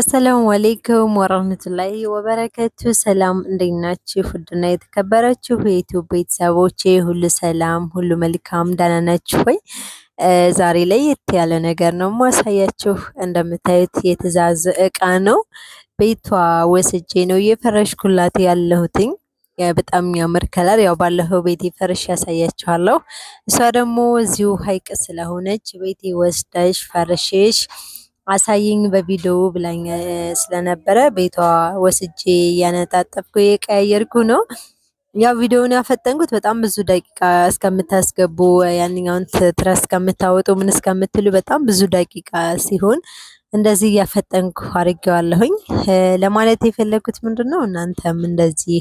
አሰላሙ አሌይኩም ወረህመቱላሂ ወበረከቱ። ሰላም እንዴት ናችሁ? ውድና የተከበራችሁ የኢትዮ ቤተሰቦቼ ሁሉ ሰላም፣ ሁሉ መልካም፣ ደህና ናችሁ ወይ? ዛሬ ላይ የት ያለ ነገር ነው ማሳያችሁ። እንደምታዩት የትእዛዝ እቃ ነው። ቤቷ ወስጄ ነው የፈረሽኩላት ያለሁትኝ በጣም የሚያምር ከለር ያው ባለፈው ቤቴ ፈርሽ ያሳያችኋለሁ። እሷ ደግሞ እዚሁ ሀይቅ ስለሆነች ቤቴ ወስዳሽ ፈርሽሽ አሳይኝ በቪዲዮ ብላኝ ስለነበረ ቤቷ ወስጄ እያነጣጠፍኩ የቀያየርኩ ነው። ያው ቪዲዮውን ያፈጠንኩት በጣም ብዙ ደቂቃ እስከምታስገቡ ያንኛውን ትረስ እስከምታወጡ ምን እስከምትሉ በጣም ብዙ ደቂቃ ሲሆን እንደዚህ እያፈጠንኩ አድርጌዋለሁኝ። ለማለት የፈለግኩት ምንድን ነው እናንተም እንደዚህ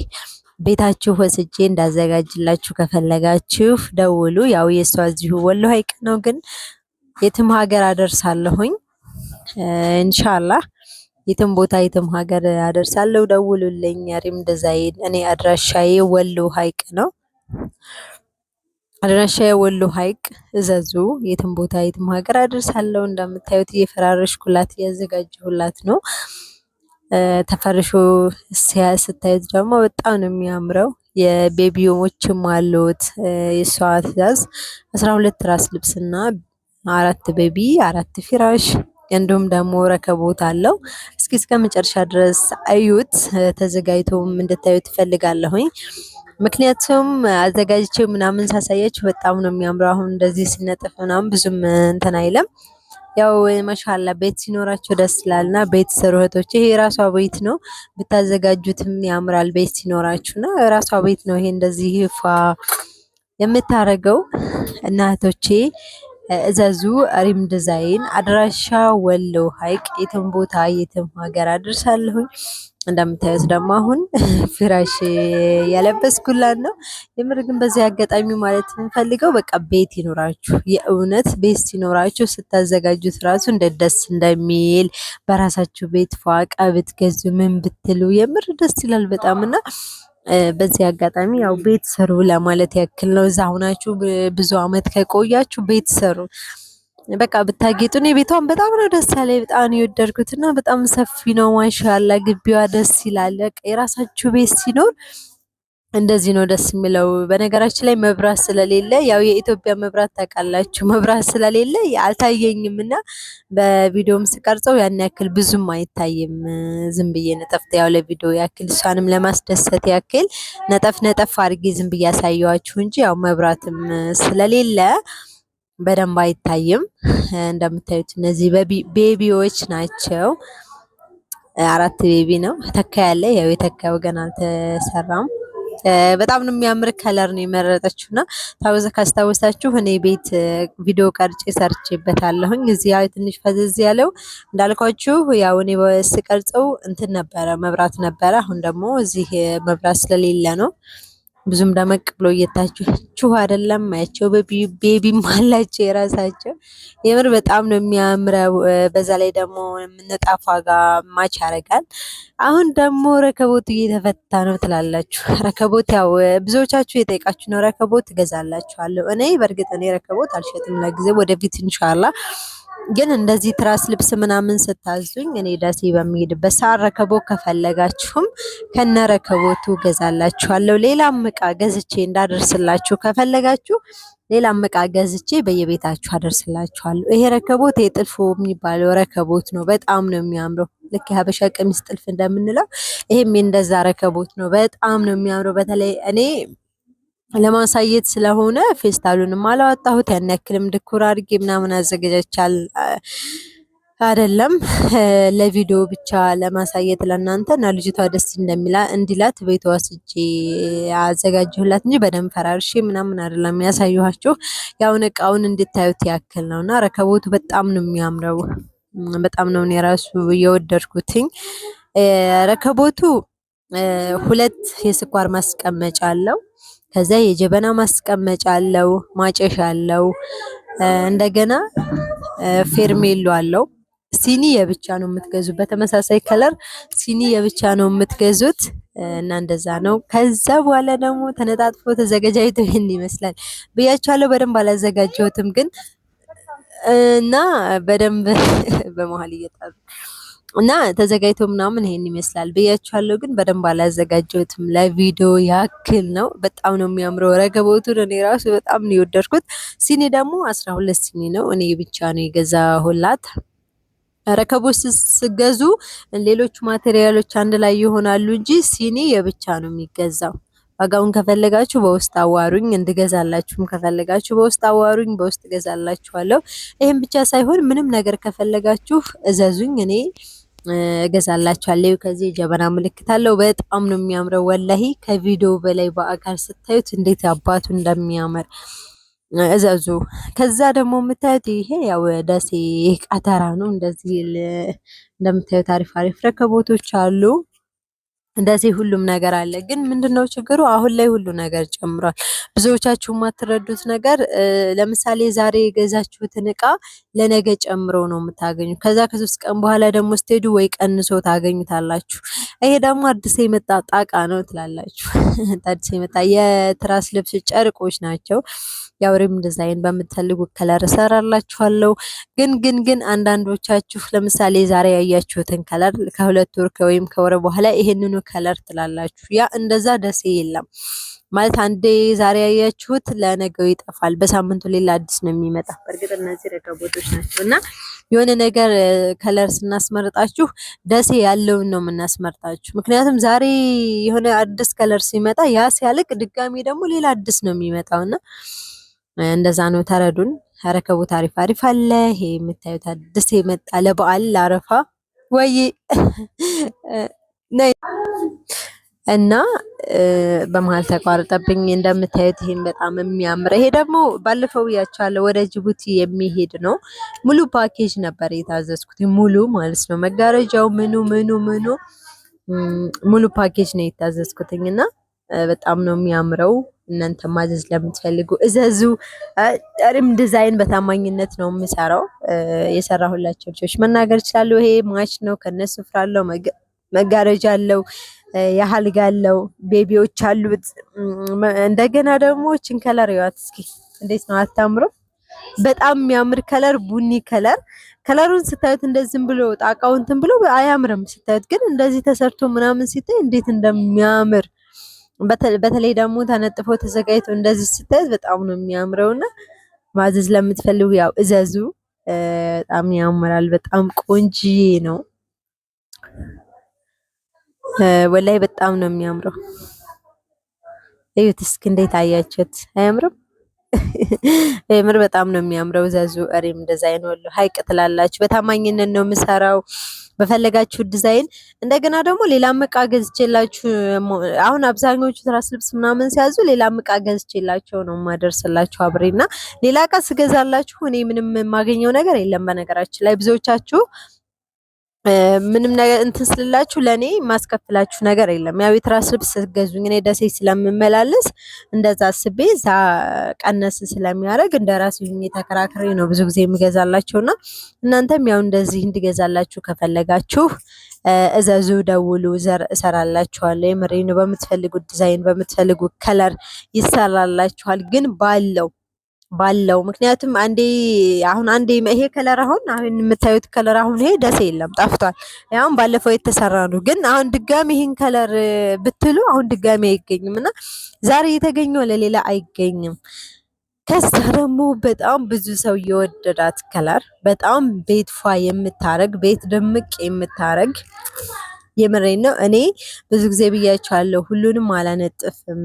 ቤታችሁ ወስጄ እንዳዘጋጅላችሁ ከፈለጋችሁ ደውሉ። ያው የእሷ እዚሁ ወሎ ሀይቅ ነው፣ ግን የትም ሀገር አደርሳለሁኝ። እንሻላ የትም ቦታ የትም ሀገር አደርሳለሁ። ደውሉልኝ። ያሪም ዲዛይን። እኔ አድራሻዬ ወሎ ሀይቅ ነው። አድራሻዬ ወሎ ሀይቅ እዘዙ። የትም ቦታ የትም ሀገር አደርሳለሁ። እንደምታዩት እየፈራረሽኩላት እያዘጋጀሁላት ነው። ተፈርሾ ስታዩት ደግሞ በጣም ነው የሚያምረው። የቤቢ አሉት። የእሷ ትእዛዝ አስራ ሁለት ራስ ልብስና አራት ቤቢ አራት ፊራሽ እንዲሁም ደግሞ ረከቦት አለው። እስኪ እስከ መጨረሻ ድረስ አዩት። ተዘጋጅቶም እንድታዩት እፈልጋለሁኝ። ምክንያቱም አዘጋጅቼው ምናምን ሳሳያችሁ በጣም ነው የሚያምረው። አሁን እንደዚህ ሲነጥፍ ምናምን ብዙም እንትን አይለም። ያው ማሻላ ቤት ሲኖራቸው ደስ ይላልና ቤት ስሩ እህቶች፣ ይሄ የራሷ ቤት ነው ብታዘጋጁትም ያምራል። ቤት ሲኖራችሁና የራሷ ቤት ነው ይሄ እንደዚህ ፏ የምታረገው እና እህቶቼ እዘዙ ሪም ዲዛይን አድራሻ ወሎ ሐይቅ የትም ቦታ የትም ሀገር አድርሳለሁኝ። እንደምታዩት ደግሞ አሁን ፍራሽ ያለበስኩላን ነው። የምር ግን በዚህ አጋጣሚ ማለት የምንፈልገው በቃ ቤት ይኖራችሁ፣ የእውነት ቤት ሲኖራችሁ ስታዘጋጁት ራሱ እንደ ደስ እንደሚል በራሳችሁ ቤት ፏቃ ብትገዙ ምን ብትሉ የምር ደስ ይላል በጣም እና በዚህ አጋጣሚ ያው ቤት ስሩ ለማለት ያክል ነው። እዛ ሁናችሁ ብዙ አመት ከቆያችሁ ቤት ስሩ። በቃ ብታጌጡ። እኔ ቤቷን በጣም ነው ደስ ያለ በጣም የወደድኩት እና በጣም ሰፊ ነው ማሻላ። ግቢዋ ደስ ይላል። የራሳችሁ ቤት ሲኖር እንደዚህ ነው ደስ የሚለው። በነገራችን ላይ መብራት ስለሌለ ያው የኢትዮጵያ መብራት ታውቃላችሁ፣ መብራት ስለሌለ አልታየኝም እና በቪዲዮም ስቀርጸው ያን ያክል ብዙም አይታይም። ዝም ብዬ ነጠፍ ያው ለቪዲዮ ያክል እሷንም ለማስደሰት ያክል ነጠፍ ነጠፍ አድርጌ ዝም ብዬ ያሳየዋችሁ እንጂ ያው መብራትም ስለሌለ በደንብ አይታይም። እንደምታዩት እነዚህ ቤቢዎች ናቸው። አራት ቤቢ ነው ተካ ያለ ያው የተካው ገና አልተሰራም። በጣም ነው የሚያምር ከለር ነው የመረጠችው እና ታውዘ ካስታወሳችሁ እኔ ቤት ቪዲዮ ቀርጬ ሰርቼበታለሁኝ። እዚህ ትንሽ ፈዘዝ ያለው እንዳልኳችሁ ያው እኔ ስቀርጸው እንትን ነበረ መብራት ነበረ። አሁን ደግሞ እዚህ መብራት ስለሌለ ነው ብዙም ደመቅ ብሎ እየታችሁ አይደለም። አያቸው ቤቢም አላቸው የራሳቸው። የምር በጣም ነው የሚያምረው። በዛ ላይ ደግሞ የምንጣፏ ጋር ማች ያደርጋል። አሁን ደግሞ ረከቦት እየተፈታ ነው ትላላችሁ። ረከቦት ያው ብዙዎቻችሁ የጠይቃችሁ ነው። ረከቦት እገዛላችኋለሁ። እኔ በእርግጥ እኔ ረከቦት አልሸጥም ለጊዜ ወደፊት ኢንሻላህ ግን እንደዚህ ትራስ ልብስ ምናምን ስታዙኝ እኔ ደሴ በሚሄድበት ሰዓት ረከቦ ከፈለጋችሁም ከነ ረከቦቱ ገዛላችኋለሁ። ሌላም እቃ ገዝቼ እንዳደርስላችሁ ከፈለጋችሁ ሌላም እቃ ገዝቼ በየቤታችሁ አደርስላችኋለሁ። ይሄ ረከቦት የጥልፎ የሚባለው ረከቦት ነው። በጣም ነው የሚያምረው። ልክ የሀበሻ ቀሚስ ጥልፍ እንደምንለው ይሄም እንደዛ ረከቦት ነው። በጣም ነው የሚያምረው። በተለይ እኔ ለማሳየት ስለሆነ ፌስታሉንም አላወጣሁት ያን ያክልም ድኩር አድርጌ ምናምን አዘገጃቻል አይደለም ለቪዲዮ ብቻ ለማሳየት ለእናንተ እና ልጅቷ ደስ እንደሚላ እንዲላት ቤቷ ስጄ አዘጋጅሁላት እንጂ በደንብ ፈራርሼ ምናምን አይደለም ያሳየኋችሁ። ያውን እቃውን እንድታዩት ያክል ነው እና ረከቦቱ በጣም ነው የሚያምረው። በጣም ነው የራሱ ራሱ የወደድኩትኝ ረከቦቱ ሁለት የስኳር ማስቀመጫ አለው። ከዛ የጀበና ማስቀመጫ አለው፣ ማጨሻ አለው፣ እንደገና ፌርሜሎ አለው። ሲኒ የብቻ ነው የምትገዙት። በተመሳሳይ ከለር ሲኒ የብቻ ነው የምትገዙት እና እንደዛ ነው። ከዛ በኋላ ደግሞ ተነጣጥፎ ተዘገጃጅቶ ይህን ይመስላል ብያችኋለሁ። በደንብ አላዘጋጀሁትም ግን እና በደንብ በመሀል እየጣሉ እና ተዘጋጅቶ ምናምን ይሄን ይመስላል ብያችኋለሁ። ግን በደንብ አላዘጋጀሁትም ለቪዲዮ ያክል ነው። በጣም ነው የሚያምረው ረከቦቱን። እኔ ራሱ በጣም ነው የወደድኩት። ሲኒ ደግሞ አስራ ሁለት ሲኒ ነው። እኔ ብቻ ነው የገዛሁላት። ረከቦች ስገዙ ሌሎቹ ማቴሪያሎች አንድ ላይ ይሆናሉ እንጂ ሲኒ የብቻ ነው የሚገዛው። ዋጋውን ከፈለጋችሁ በውስጥ አዋሩኝ፣ እንድገዛላችሁም ከፈለጋችሁ በውስጥ አዋሩኝ፣ በውስጥ እገዛላችኋለሁ። ይህም ብቻ ሳይሆን ምንም ነገር ከፈለጋችሁ እዘዙኝ እኔ እገዛላችኋለሁ። ከዚህ የጀበና ምልክት አለው። በጣም ነው የሚያምረው። ወላሂ ከቪዲዮ በላይ በአካል ስታዩት እንዴት አባቱ እንደሚያምር እዘዙ። ከዛ ደግሞ የምታዩት ይሄ ያው ደሴ ቃተራ ነው። እንደዚህ እንደምታዩት አሪፍ አሪፍ ረከቦቶች አሉ። እንደዚህ ሁሉም ነገር አለ። ግን ምንድነው ችግሩ? አሁን ላይ ሁሉ ነገር ጨምሯል። ብዙዎቻችሁ የማትረዱት ነገር ለምሳሌ ዛሬ የገዛችሁትን እቃ ለነገ ጨምሮ ነው የምታገኙ። ከዛ ከሶስት ቀን በኋላ ደግሞ ስትሄዱ ወይ ቀንሶ ታገኙታላችሁ። ይሄ ደግሞ አዲስ የመጣ ጣቃ ነው ትላላችሁ። አዲስ የመጣ የትራስ ልብስ ጨርቆች ናቸው። የአውሬም ዲዛይን በምትፈልጉ ከለር እሰራላችኋለሁ። ግን ግን ግን አንዳንዶቻችሁ ለምሳሌ ዛሬ ያያችሁትን ከለር ከሁለት ወር ወይም ከወረ በኋላ ይሄንኑ ከለር ትላላችሁ። ያ እንደዛ ደሴ የለም ማለት አንዴ ዛሬ ያያችሁት ለነገው ይጠፋል። በሳምንቱ ሌላ አዲስ ነው የሚመጣ። በእርግጥ እነዚህ ረከቦቶች ናቸው እና የሆነ ነገር ከለር ስናስመርጣችሁ ደሴ ያለውን ነው የምናስመርጣችሁ። ምክንያቱም ዛሬ የሆነ አዲስ ከለር ሲመጣ ያ ሲያልቅ ድጋሚ ደግሞ ሌላ አዲስ ነው የሚመጣው እና እንደዛ ነው ተረዱን። ረከቦት አሪፍ አሪፍ አለ። ይሄ የምታዩት አዲስ የመጣ ለበዓል ለአረፋ ወይ እና በመሀል ተቋርጠብኝ እንደምታዩት ይህም በጣም የሚያምር ይሄ ደግሞ ባለፈው ያቻለ ወደ ጅቡቲ የሚሄድ ነው። ሙሉ ፓኬጅ ነበር የታዘዝኩት ሙሉ ማለት ነው መጋረጃው ምኑ ምኑ ምኑ ሙሉ ፓኬጅ ነው የታዘዝኩትኝ እና በጣም ነው የሚያምረው። እናንተ ማዘዝ ለምትፈልጉ እዘዙ። ጠሪም ዲዛይን በታማኝነት ነው የምሰራው። የሰራሁላቸው ልጆች መናገር ይችላሉ። ይሄ ማች ነው ከነሱ ፍራለው መጋረጃ አለው ያህል ጋለው ቤቢዎች አሉት። እንደገና ደግሞ ችን ከለር ያዋት እስኪ እንዴት ነው አታምሩም በጣም የሚያምር ከለር ቡኒ ከለር ከለሩን ስታዩት እንደዚህ ብሎ ጣቃውንትን ብሎ አያምርም። ስታዩት ግን እንደዚህ ተሰርቶ ምናምን ሲታይ እንዴት እንደሚያምር በተለይ ደግሞ ተነጥፎ ተዘጋጅቶ እንደዚህ ስታዩት በጣም ነው የሚያምረውና ማዘዝ ለምትፈልጉ ያው እዘዙ። በጣም ያምራል። በጣም ቆንጅዬ ነው። ወላይ በጣም ነው የሚያምረው። እዩት እስኪ እንዴት አያችሁት? አያምርም? የምር በጣም ነው የሚያምረው። ዘዙ ሪም ዲዛይን ወሎ ሀይቅ ትላላችሁ። በታማኝነት ነው የምሰራው በፈለጋችሁ ዲዛይን። እንደገና ደግሞ ሌላ እቃ ገዝቼላችሁ አሁን አብዛኞቹ ትራስ ልብስ ምናምን ሲያዙ ሌላ እቃ ገዝቼላቸው ነው የማደርስላችሁ አብሬና ሌላ እቃ ስገዛላችሁ እኔ ምንም የማገኘው ነገር የለም። በነገራችን ላይ ብዙዎቻችሁ ምንም ነገር እንትን ስልላችሁ ለእኔ ማስከፍላችሁ ነገር የለም። ያው የትራስ ልብስ ስትገዙኝ እኔ ደሴ ስለምመላለስ እንደዛ አስቤ እዛ ቀነስ ስለሚያደርግ እንደ ራሴ ሆኜ ተከራክሬ ነው ብዙ ጊዜ የሚገዛላቸውና እናንተም ያው እንደዚህ እንዲገዛላችሁ ከፈለጋችሁ እዘዙ፣ ደውሉ፣ እሰራላችኋለሁ። የምሬ በምትፈልጉት ዲዛይን በምትፈልጉት ከለር ይሰራላችኋል ግን ባለው ባለው ምክንያቱም አንዴ አሁን አንዴ ይሄ ከለር አሁን አሁን የምታዩት ከለር አሁን ይሄ ደሴ የለም ጠፍቷል። አሁን ባለፈው የተሰራ ነው። ግን አሁን ድጋሚ ይሄን ከለር ብትሉ አሁን ድጋሚ አይገኝም እና ዛሬ የተገኘው ለሌላ አይገኝም። ከዛ ደግሞ በጣም ብዙ ሰው የወደዳት ከለር በጣም ቤት ፏ የምታረግ ቤት ድምቅ የምታረግ የምሬን ነው። እኔ ብዙ ጊዜ ብያቸዋለሁ፣ ሁሉንም አላነጥፍም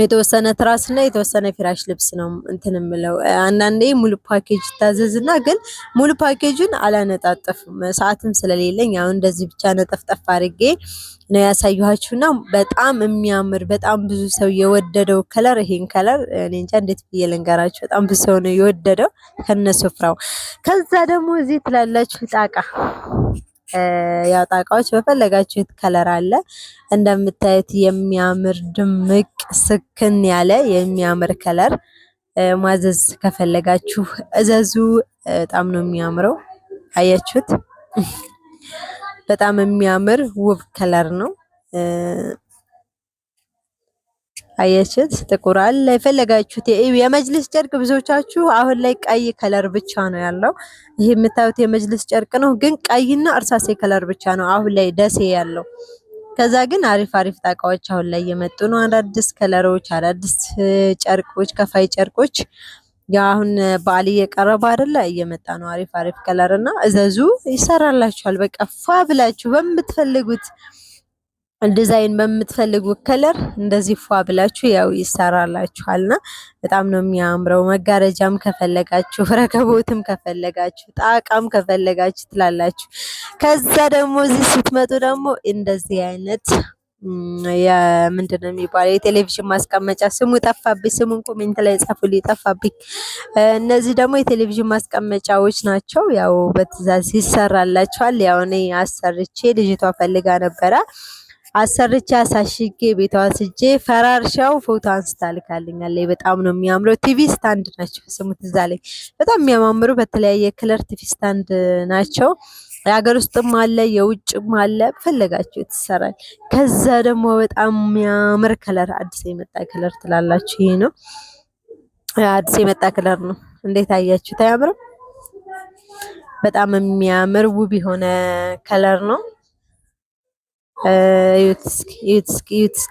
የተወሰነ ትራስ እና የተወሰነ ፊራሽ ልብስ ነው እንትን የምለው። አንዳንዴ ሙሉ ፓኬጅ ይታዘዝና ግን ሙሉ ፓኬጁን አላነጣጠፍም ሰዓትም ስለሌለኝ አሁን እንደዚህ ብቻ ነጠፍጠፍ አድርጌ ነው ያሳየኋችሁና በጣም የሚያምር በጣም ብዙ ሰው የወደደው ከለር ይሄን ከለር እኔ እንጃ እንዴት ብዬ ልንገራችሁ። በጣም ብዙ ሰው ነው የወደደው ከነ ስፍራው። ከዛ ደግሞ እዚህ ትላላችሁ ጣቃ ያወጣ እቃዎች በፈለጋችሁት ከለር አለ። እንደምታዩት የሚያምር ድምቅ ስክን ያለ የሚያምር ከለር ማዘዝ ከፈለጋችሁ እዘዙ። በጣም ነው የሚያምረው። አያችሁት? በጣም የሚያምር ውብ ከለር ነው። አየችት። ጥቁር አለ የፈለጋችሁት የመጅልስ ጨርቅ ብዙዎቻችሁ አሁን ላይ ቀይ ከለር ብቻ ነው ያለው። ይህ የምታዩት የመጅልስ ጨርቅ ነው፣ ግን ቀይና እርሳሴ ከለር ብቻ ነው አሁን ላይ ደሴ ያለው። ከዛ ግን አሪፍ አሪፍ ጣቃዎች አሁን ላይ የመጡ ነው። አዳዲስ ከለሮች፣ አዳዲስ ጨርቆች፣ ከፋይ ጨርቆች ያ አሁን በዓል እየቀረበ አይደለ? እየመጣ ነው። አሪፍ አሪፍ ከለር እና እዘዙ ይሰራላችኋል። በቃ ፏ ብላችሁ በምትፈልጉት ዲዛይን በምትፈልጉ ከለር እንደዚህ ፏ ብላችሁ ያው ይሰራላችኋልና በጣም ነው የሚያምረው። መጋረጃም ከፈለጋችሁ ረከቦትም ከፈለጋችሁ ጣቃም ከፈለጋችሁ ትላላችሁ። ከዛ ደግሞ እዚህ ስትመጡ ደግሞ እንደዚህ አይነት የምንድን ነው የሚባለው የቴሌቪዥን ማስቀመጫ ስሙ ጠፋብኝ። ስሙን ኮሜንት ላይ ጻፉልኝ፣ ጠፋብኝ። እነዚህ ደግሞ የቴሌቪዥን ማስቀመጫዎች ናቸው። ያው በትዕዛዝ ይሰራላችኋል። ያው እኔ አሰርቼ ልጅቷ ፈልጋ ነበረ አሰርቻ ሳሽጌ ቤቷ ስጄ ፈራርሻው ፎቶ አንስታ ልካልኛለች። በጣም ነው የሚያምረው። ቲቪ ስታንድ ናቸው ስሙት እዛ ላይ በጣም የሚያማምሩ በተለያየ ክለር ቲቪ ስታንድ ናቸው። የሀገር ውስጥም አለ የውጭም አለ። ፈለጋችሁ ትሰራል። ከዛ ደግሞ በጣም የሚያምር ከለር አዲስ የመጣ ከለር ትላላችሁ። ይሄ ነው አዲስ የመጣ ከለር ነው። እንዴት አያችሁ? አያምርም? በጣም የሚያምር ውብ የሆነ ከለር ነው። Uh, it's it's it's